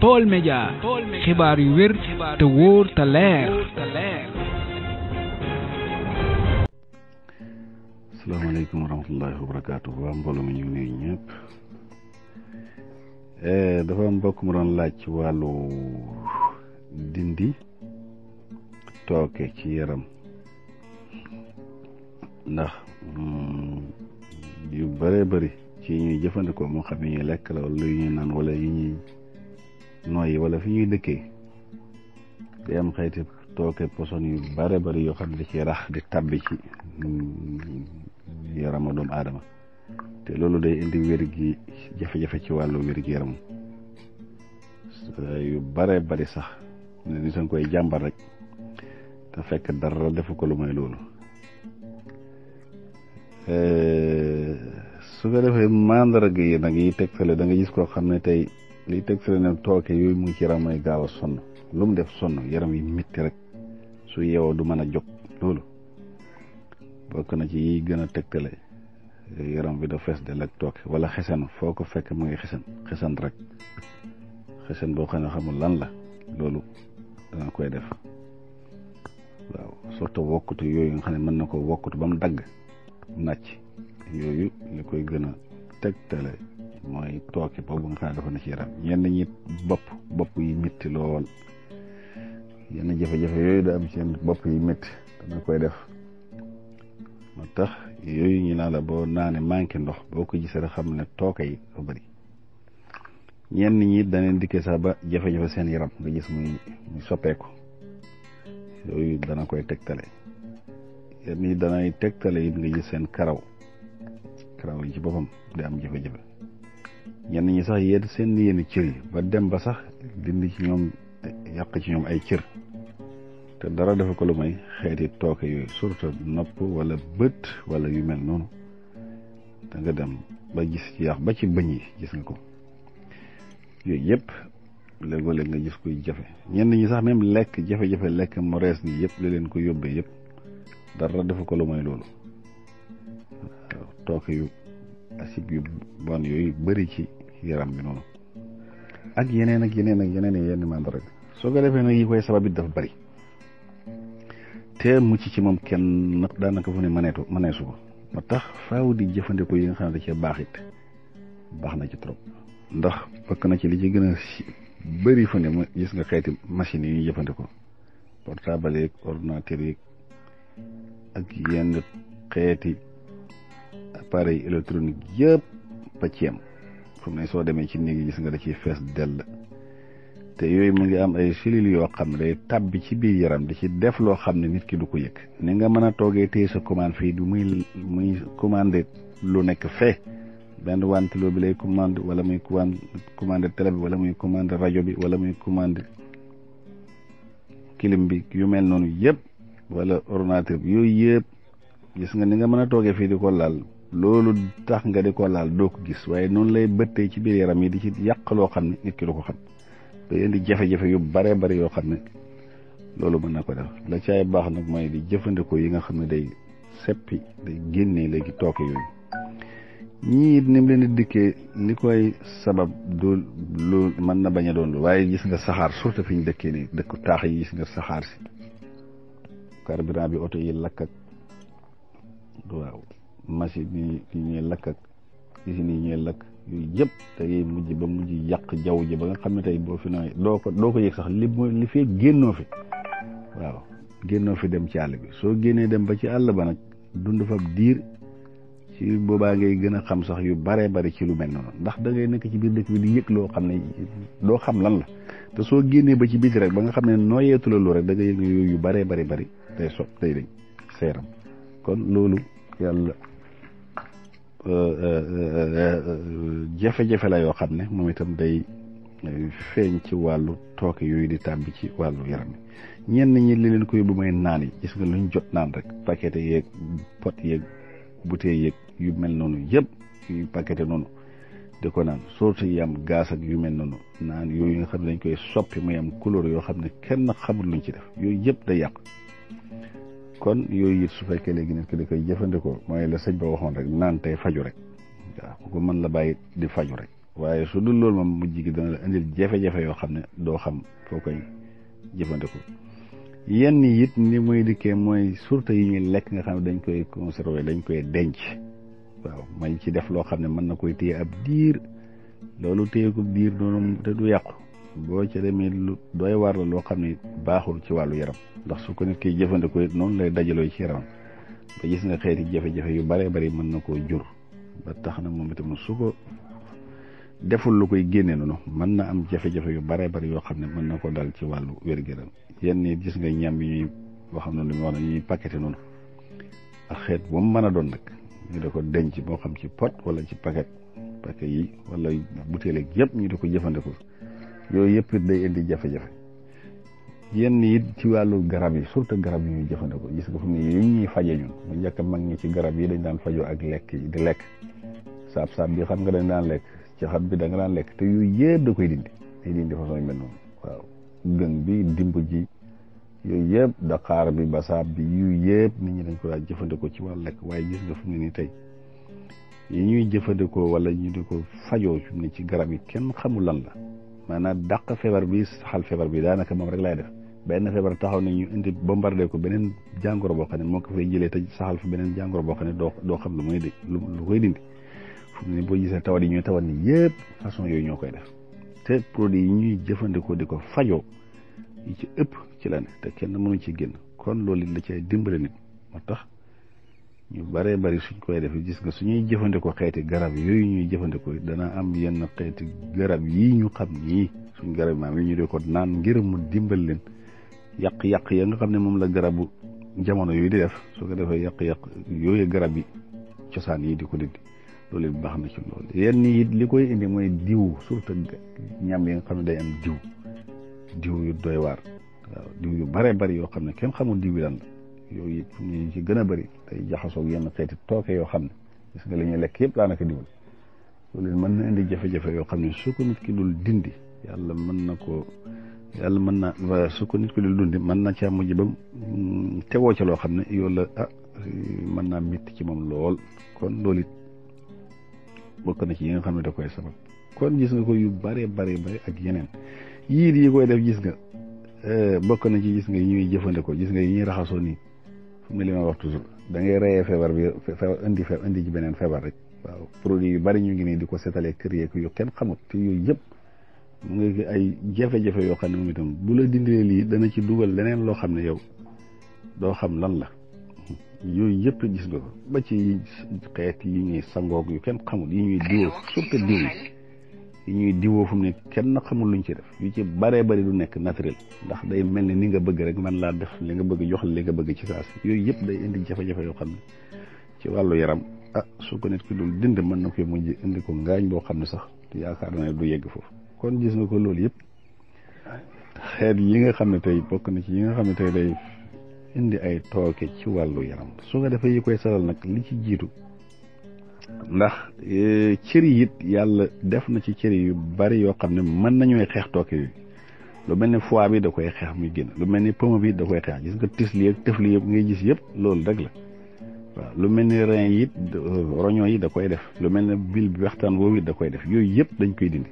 Baol Médias xibaar yu wér te wóor te leer. asalaamaaleykum wa rahmatullahi wa barakaatu waa mbooloo mi ñu ngi eh, dafa am mbokk mu doon laaj ci wàllu dindi tooke ci yaram ndax mm, yu bëree bëri ci ñuy jëfandikoo moo xam ne ñuy lekk yu ñuy naan wala yu ñuy. nooyi wala fi ñuy dëkkee day am xeeti tooke poson yu bare bari yoo xam ne da ci rax di tabbi ci mm, yarama doomu aadama te loolu day indi wér gi jafe-jafe ci wàllu wér gi yaram yu bare bari sax ne ni sanga koy jàmbar rek te fekk dara defu ko lu may loolu su ko defee mandarga yi nag yi tegtale da nga gis koo xam ne tey liy teg si la ne tooke yooyu mu ngi ci yaram mooy gaaw a sonn lu mu def sonn yaram yi metti rek su yeewoo du mën a jóg loolu bokk na ci yiy gën a tegtale yaram bi da fees del ak tooke wala xesan foo ko fekk mu ngi xesan xesan rek xesan boo xam ne xamul lan la loolu dana koy def waaw surtout wokkutu yooyu nga xam ne mën na ko wokkutu ba mu dagg nàcc yooyu li koy gën a tegtale mooy tooke boobu nga xam ne na ci yaram ñenn ñi bopp bopp yi métti lool yenn jafe-jafe yooyu da am seen bopp yi métti dana koy def moo tax yooyu ñu naa la boo naa ne manqué ndox boo ko gisee rek xam ne tooke yi dafa bëri ñenn ñi daneen dikkee ba jafe seen yaram nga gis muy muy soppeeku yooyu dana koy tegtale yenn yi danay it nga seen karaw karaw yi ci boppam di am jafe-jafe ñenn ñi sax yéen seen yéen cër yi ba dem ba sax dind ci ñoom yàq ci ñoom ay cër te dara dafa ko lu may xeeti tooke yooyu surtout nopp wala bët wala yu mel noonu danga dem ba gis ci ba ci bëñ yi gis nga ko yooyu yëpp léegoo-léeg nga jis koy jafe ñenn ñi sax même lekk jafe-jafe lekk mu rees gi yëpp li leen ko yóbbee yëpp dara dafa ko lu may loolu tooke yu asib yu bon yooyu bëri ci yaram bi noonu ak yeneen ak yeneen ak yeneen yenn mandarga soo ko defee nag yi koy sabab it dafa bari te mucc ci moom kenn daanaka fu ne mëneetu mëneesu ko ba tax faaw di jëfandikoo yi nga xam ne da cee baax it na ci trop ndax bokk na ci li ci gën a bëri fu gis nga xeeti machine yi ñuy jëfandikoo portable yeeg ordinateur yeeg ak yenn xeeti appareil électronique yëpp ba fu mu soo demee ci néeg yi gis nga da ciy fees dell te yooyu mu ngi am ay selil yoo xam ne day tàbbi ci biir yaram di ci def loo xam ne nit ki du ko yëg ni nga mën a toogee téye sa commande fii du muy muy commandé lu nekk fee benn wantiloo bi lay commande wala muy commande commandé bi wala muy commandé rajo bi wala muy commandé kilim bi yu mel noonu yëpp wala ordinateur bi yooyu yëpp gis nga ni nga mën a toogee fii di ko laal loolu tax nga di ko laal doo ko gis waaye noonu lay bëttee ci biir yaram yi di ci yàq loo xam ne nit ki du ko xam day indi jafe-jafe yu bare bare yoo xam ne loolu mën na ko def la caay baax nag mooy di jëfandikoo yi nga xam ne day seppi day génnee léegi toog yooyu ñii it ni leen di dikkee li koy sabab du lu mën na bañ a doon lu waaye gis nga saxaar surtout fi ñu dëkkee ni dëkku taax yi gis nga saxaar si carburant bi oto yi lakk ak waaw machine yi yi ñuy lakk ak usines yi ñuy lakk yooyu yëpp te yooyu mujj ba mujj yàq jaww ji ba nga xam ne tey boo fi nawet doo ko doo ko yëg sax li li fee génnoo fi waaw génnoo fi dem ci àll bi soo génnee dem ba ci àll ba nag dund fa diir ci boobaa ngay gën a xam sax yu baree bari ci lu mel noonu ndax da ngay nekk ci biir dëkk bi di yëg loo xam ne doo xam lan la te soo génnee ba ci biti rek ba nga xam ne nooyeetu la lu rek da nga yooyu yu baree bari bari tey so tey dañ seeram kon loolu yàlla Euh, euh, euh, jafe-jafe la yoo xam ne moom itam day feeñ ci wàllu tooke yooyu di tàmbi ci wàllu yaram yi ñenn ñi li leen ko yóbbu mooy naan yi gis nga ñu jot naan rek paquet yeeg pot yeeg bouteille yeeg yu mel noonu yëpp yu paquet noonu de ko naan surtout yi am gaz ak yu mel noonu naan yooyu nga xam ne dañ koy soppi muy am couleur yoo xam ne kenn xamul luñ ci def yooyu yëpp day yàq kon yooyu it su fekkee léegi nit ki da koy jëfandikoo mooy la sëñ ba waxoon rek naan tey faju rek waaw ku ko mën la bàyyi di faju rek waaye su dul loolu moom mujj gi dana la indil jafe-jafe yoo xam ne doo xam foo koy jëfandikoo yenn it ni muy dikkee mooy surtout yi ñuy lekk nga xam ne dañ koy conserver dañ koy denc waaw mañ ci def loo xam ne mën na koy téye ab diir loolu téye ko diir noonu te du yàqu boo ca demee lu doy waar la loo xam ne baaxul ci wàllu yaram ndax su ko nit kiy jëfandikoo it noonu lay dajaloo ci yaram ba gis nga xeeti jafe-jafe yu bare bari mën na koo jur ba tax na moom itam su deful lu koy génne noonu mën na am jafe yu bare bari yoo xam ne mën na ko dal ci wàllu wér-gu-yaram yenn it gis nga ñam yi ñuy boo xam ne lu wax ne ñuy paqueté noonu ak xeet bu mën a doon nag ñu da ko denc boo xam ci pot wala ci paquet paquet yi wala butéel ak yëpp ñu da ko jëfandikoo yooyu yëpp it day indi jafe-jafe yenn it ci wàllu garab yi surtout garab yi ñuy jëfandikoo gis nga fu mu ne yi ñuy faje mag ñi ci garab yi dañ daan fajoo ak lekk yi di lekk saab-saab bi xam nga dañ daan lekk ci xat bi da daan lekk te yooyu yëpp da koy dindi day dindi façon bi dimb ji yooyu yëpp daqaar bi basaab bi yu yëpp nit dañ ko daan jëfandikoo ci wàllu lekk waaye gis nga fu nii tey yi ñuy jëfandikoo wala ñu ko fajoo fi ci garab yi kenn xamul lan la maanaam dàq feebar bi saxal feebar bi daanaka moom rek laay def benn feebar taxaw nañu indi bombardé ko beneen jàngoro boo xam ne moo ko fay jëlee te saxal fi beneen jàngoro boo xam ne doo doo xam lu muy lu koy dindi fu mu ne boo gisee tawat yi ñuy tawat ni yëpp façon yooy ñoo koy def te produit yi ñuy jëfandikoo di ko fajoo yi ci ëpp ci la te kenn mënu ci génn kon loolu it la cay dimbale nit moo tax ñu baree bari suñ koy defee gis nga suñuy jëfandikoo xeeti garab yooyu ñuy jëfandikoo dana am yenn xeeti garab yi ñu xam nii suñ garab maam yi ñu di ko naan ngir mu dimbal leen yàq-yàq ya xam ne moom la garabu jamono yooyu def su ko yàq-yàq yooyu garab yi cosaan yi di ko dindi loolu it baax na it li koy indi mooy diw surtout ñam yi nga xam ne day am diw diw yu baree bari yoo xam ne kenn xamul diw yooyu it ci gën a bëri jaxasook jaxasoog yenn xeeti tooke yoo xam ne gis nga la ñuy lekk yëpp daanaka diwul loolu mën na indi jafe-jafe yoo xam ne su ki dul dindi yàlla mën na ko yàlla mën na su ko nit ki dul dundi mën na caa mujj bam tegoo ca loo xam ne yow la ah mën naa mitt ci moom lool kon loolu it bokk na ci yi nga xam ne da koy sabab kon gis nga ko yu bare bare bare ak yeneen yiit yi koy def gis nga eh, bokk na ci gis nga yi ñuy jëfandikoo gis nga yi ñuy raxasoo nii mu li ma wax toujours da ngay reyee feebar bi indi feebar indi ci beneen feebar rek waaw produit yu bari ñu ngi nii di ko seetalee kër yeeg yu kenn xamut te yooyu yëpp mu ngi ay jafe-jafe yoo xam ne moom itam bu la dindilee lii dana ci dugal leneen loo xam ne yow doo xam lan la yooyu yëpp gis nga ko ba ci xeet yi ñuy sangoog yu kenn xamut yi ñuy diwoo surtout diw yi ñuy diwoo fu mu ne kenn xamul luñ ci def yu ci baree bari du nekk naturel ndax day mel ne ni nga bëgg rek man laa def li nga bëgg jox li nga bëgg ci saas yooyu yëpp day indi jafe-jafe yoo xam ne ci wàllu yaram ah su ko nit ki dul dind mën na koy mujj indi ko ngaañ boo xam ne sax yaakaar na du yegg foofu kon gis nga ko loolu yëpp xeet yi nga xam ne tey bokk na ci yi nga xam ne tey day indi ay tooke ci wàllu yaram su nga defee yi koy salal nag li ci jiitu ndax eh, cër yi it yàlla def na ci cër yu bari yoo xam ne mën nañooy xeex tooke yooyu lu mel ni foie bi da koy xeex muy génn lu mel ni pomme bi da koy xeex gis nga tis li ak tëf li yëpp ngay gis yëpp loolu rek la waaw lu mel ni rein yi euh, roño yi da koy def lu mel ne bill bi waxtaan woowu it da koy def yooyu yëpp dañ koy dindi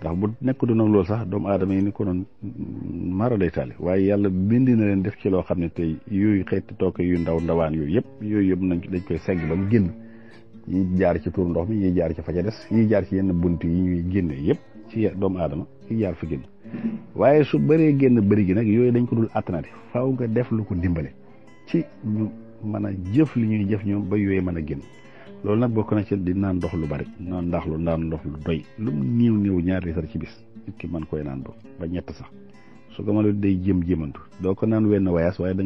ndax bu nekk du nag loolu sax doomu aadama yi ni ko noon mm, mara day taali waaye yàlla bind na leen def ci loo xam ne tey yooyu xeeti tooke yu ndaw ndawaan yooyu yëpp yooyu yëpp nañ dañ koy segg ba mu génn yi jaar ci tuur ndox mi yi jaar ci fa ca des yi jaar ci yenn bunt yi ñuy génne yëpp ci doomu aadama yi jaar fa génn waaye su baree génn bëri gi nag yooyu dañ ko dul alternative faaw nga def lu ko dimbale ci ñu man a jëf li ñuy jëf ñoom ba yooyu mën a génn loolu nag bokk na ci di naan ndox lu bari naan ndax lu naan ndox lu doy lu mu niiw ñaar ñaari litre ci bis nit ki mën koy naan ba ñett sax su ko mënul day jëm jëmantu doo ko naan wenn wayaas waaye da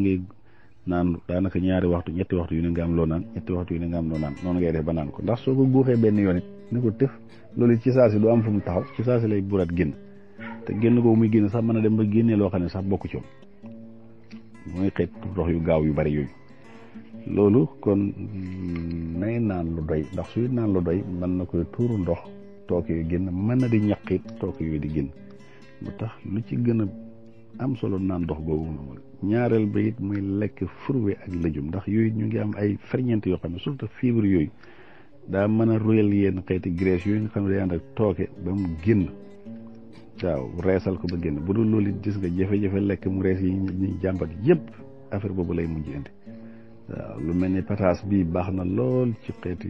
naan daanaka ñaari waxtu ñetti waxtu yu ne nga am loo naan ñetti waxtu yu ne nga am loo naan noonu ngay def ba naan ko ndax soo ko guuxee benn yoon it ne ko tëf loolu ci saa si du am fu mu taxaw ci saa si lay buraat génn te génn ko muy génn sax mën a dem ba génnee loo xam ne sax bokku ci woon mooy yu gaaw yu bari yooyu loolu kon mm, nay naan lu doy ndax suy naan lu doy mën na koy tuuru ndox tooke yooyu génn mën na di ñaqit took yooyu di génn lu tax lu ci gën a am solo naan dox googu moom ñaareel ba it muy lekk fruits ak légumes ndax yooyu ñu ngi am ay ferñeent yoo xam ne surtout fibre yooyu daa mën a royal yenn xeeti graisse yooyu nga xam ne day ànd ak tooke ba mu génn waaw reesal ko ba génn bu dul loolu it gis nga jafe-jafe lekk mu rees yi ñuy jàmbat yëpp affaire boobu lay mujj indi waaw lu mel ni pataas bii baax na lool ci xeeti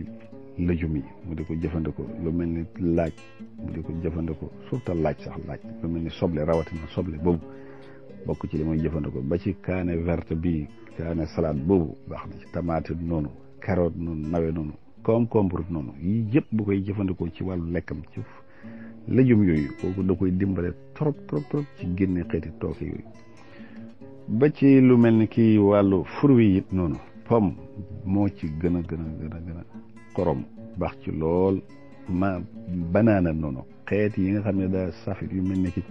lëjum yi mu di ko jëfandikoo lu mel ni laaj mu di ko jëfandikoo surtout laaj sax laaj lu mel ni soble rawatina soble boobu bokk ci li muy jëfandikoo ba ci kaane verte bi kaane salade boobu baax na ci tomate noonu carotte noonu nawe noonu concombre noonu yi yëpp bu koy jëfandikoo ci wàllu lekkam ci légumes yooyu kooku da koy dimbale trop trop trop ci génne xeeti tooke yooyu ba ci lu mel ni kii wàllu fruits it noonu pom moo ci gën a gën a gën xorom baax ci lool ma banaana noonu xeet yi nga xam ne daa safit yu mel ni ki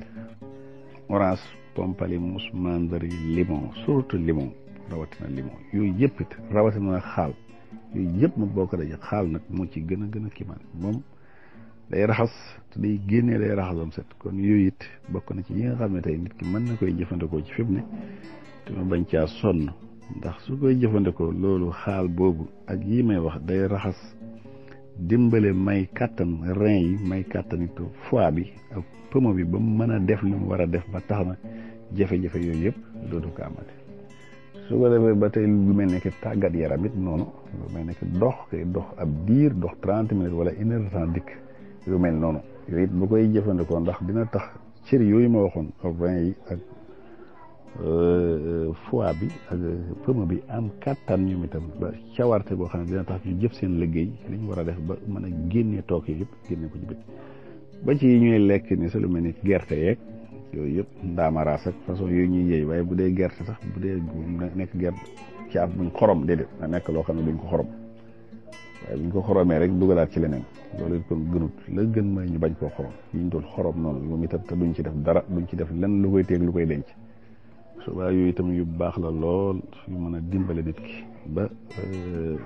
orange pompalimousse mandarine limon surtout limon rawatina limon yooyu yëpp it rawatina xaal yooyu yëpp ma boo ko dajee xaal nag moo ci gën a gën a kimaan moom day raxas te day génnee day raxasam set kon yooyu it bokk na ci yi nga xam ne tey ki mën na koy jëfandikoo ci fi mu ne te ma bañ caa sonn ndax su koy jëfandikoo loolu xaal boobu ak yi may wax day raxas dimbale may kàttan rein yi may kàttan it foie bi ak poumon bi ba mu mën a def li mu war a def ba tax na jafe-jafe yooyu yëpp dootu ko amati su ko defee ba tey lu mel ne que tàggat yaram it noonu lu mel ne que dox kay dox ab diir dox trente minutes wala une heure temps dikk lu mel noonu yooyu it koy jëfandikoo ndax dina tax cër yooyu ma waxoon ak rein yi ak Euh, foi bi ak fëma euh, bi am kattan ñoom itam ba cawarte boo xam ne dina tax ñu jëf seen liggéey li ñu war a def ba mën a génne took yi yëpp génne ko ci bit ba ci ñuy lekk ni sa lu mel gerte yeeg yooyu yëpp ndaamaraas ak façon yooyu ñuy yëy waaye bu dee gerte sax bu dee nekk gerte ci ab buñ xorom déedéet na nekk loo xam ne duñ ko xorom waaye buñ ko xoromee rek dugalaat ci leneen loolu it kon gënut la gën mooy ñu bañ koo xorom yi ñu doon xorom noonu moom itam te duñ ci def dara duñ ci def lenn lu koy teeg lu koy denc subaa yooyu itam yu baax la lool yu mën a dimbale nit ki ba euh,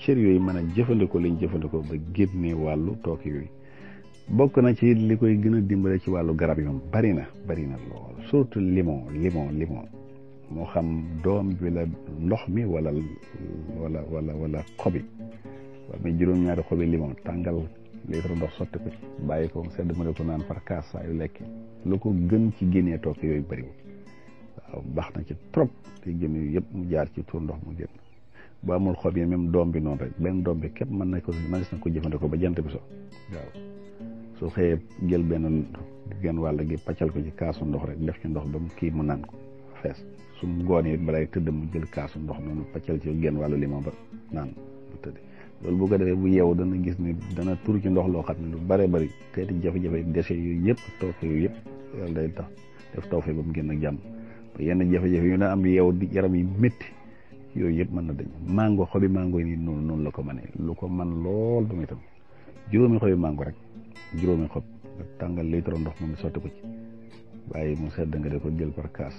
cër yooyu mën a jëfandikoo lañ jëfandikoo ba génnee wàllu toog yooyu bokk na ci li koy gën a dimbale ci wàllu garab yi bari na bari na lool surtout limon limon limon moo xam doom bi la ndox mi wala wala wala wala xobi wala juróom-ñaari xobi limon tàngal litre ndox sotti ko ci bàyyi ko sedd ma ne ko naan par kaas saa yu lekk lu ko gën ci génnee toog yooyu bariwul waaw baax na ci trop te jëm yu yëpp mu jaar ci tuur ndox mu génn boo amul xob yi même doom bi noonu rek benn doom bi képp mën na ko mën na ko jëfandikoo ba jant bi so waaw su xëyee jël benn genn wàll gi paccal ko ci kaasu ndox rek def ci ndox ba mu kii mu naan ko fees su mu goonee balay tëdd mu jël kaasu ndox noonu paccal ci genn wàllu limon ba naan mu tëdd loolu bu ko defee bu yeewu dana gis ni dana tuur ci ndox loo xam ne lu bare bari xeeti jafe-jafe déchets yooyu yëpp tooke yooyu yëpp day tax def taw fe ba mu génn a jàmm yenn jafe-jafe yu na am yow di yaram yi metti yooyu yëpp mën na dañ mango xobi mango yi nii noonu noonu la ko mënee lu ko man lool du itam juróomi xobi mango rek juróomi xob nga tàngal litre ndox moom sotti ko ci waaye mu sedd nga de jël par kaas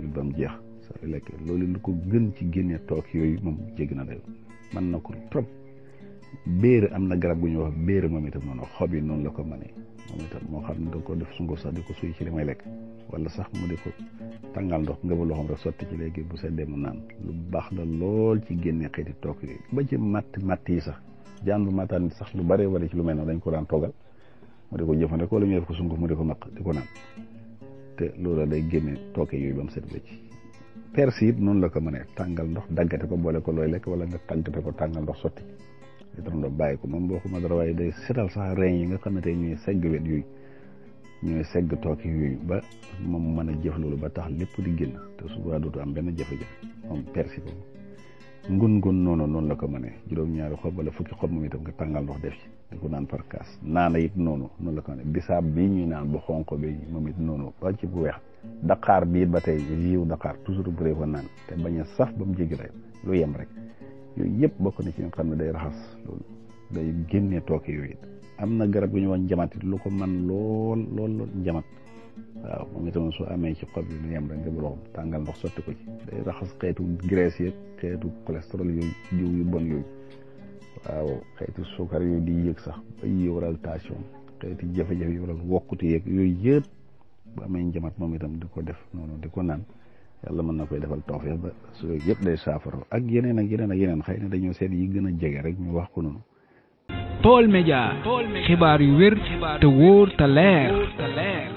lu bam sa lekk loolu lu ko ci génne toog yooyu moom jéggi na dayo na ko trop béer na garab gu ñuy wax béer moom itam noonu xob yi noonu la ko mënee moom moo xam ne da ko def sungu sax di ko suy ci li may lekk wala sax mu di ko tàngal ndox nga ba loxoom rek sotti ci léegi bu seddee mu naan lu baax la lool ci génne xeeti toog yi ba ci matt matt yi sax jaan bu mattaan sax lu bare bare ci lu mel noonu dañ ko daan toggal mu di ko jëfandikoo wala ñu def ko sunguf mu di ko maq di ko naan te loola day génne tooke yooyu ba mu set wecc persi noonu la ko mënee tàngal ndox daggate ko boole ko looy lekk wala nga tàggate ko tàngal ndox sotti li tax ndox bàyyi ko moom boo ko ma dara waaye day setal sax reñ yi nga xam ne tey ñuy segg wet yooyu ñooy segg tooke yooyu ba moom mën a jëf loolu ba tax lépp di génn te suba dootu am benn jafe-jafe moom persi boobu ngun ngun noonu noonu la ko mënee juróom-ñaari xob wala fukki xob moom itam nga tàngal ndox def ci di ko naan par kaas naana it noonu noonu la ko mënee bisaab bii ñuy naan bu xonq bi moom it noonu ba ci bu weex daqaar bii ba tey jiw daqaar toujours bu ree ko naan te bañ sax saf ba mu jéggi rek lu yem rek yooyu yëpp bokk na ci nga xam ne day raxas loolu day génnee am na garab gu ñu wax njamatit lu ko man lool lool lool njamat waaw moom itam su amee ci xob yi rek nga buloo tàngal ndox sotti ko ci day raxas xeetu graisse yeeg xeetu cholestérol yooyu jiw yu bon yooyu waaw xeetu suukar yooyu di yëg sax ba yi waral tension xeeti jafe-jafe yi waral wokkute yeeg yooyu yëpp bu amee njamat moom itam di ko def noonu di ko naan yàlla mën na koy defal tawfeex ba su yooyu yëpp day saafara ak yeneen ak yeneen ak yeneen xëy na dañoo seet yi gën a jege rek ñu wax ko noonu Baol Média xibaar yu wér te wóor te leer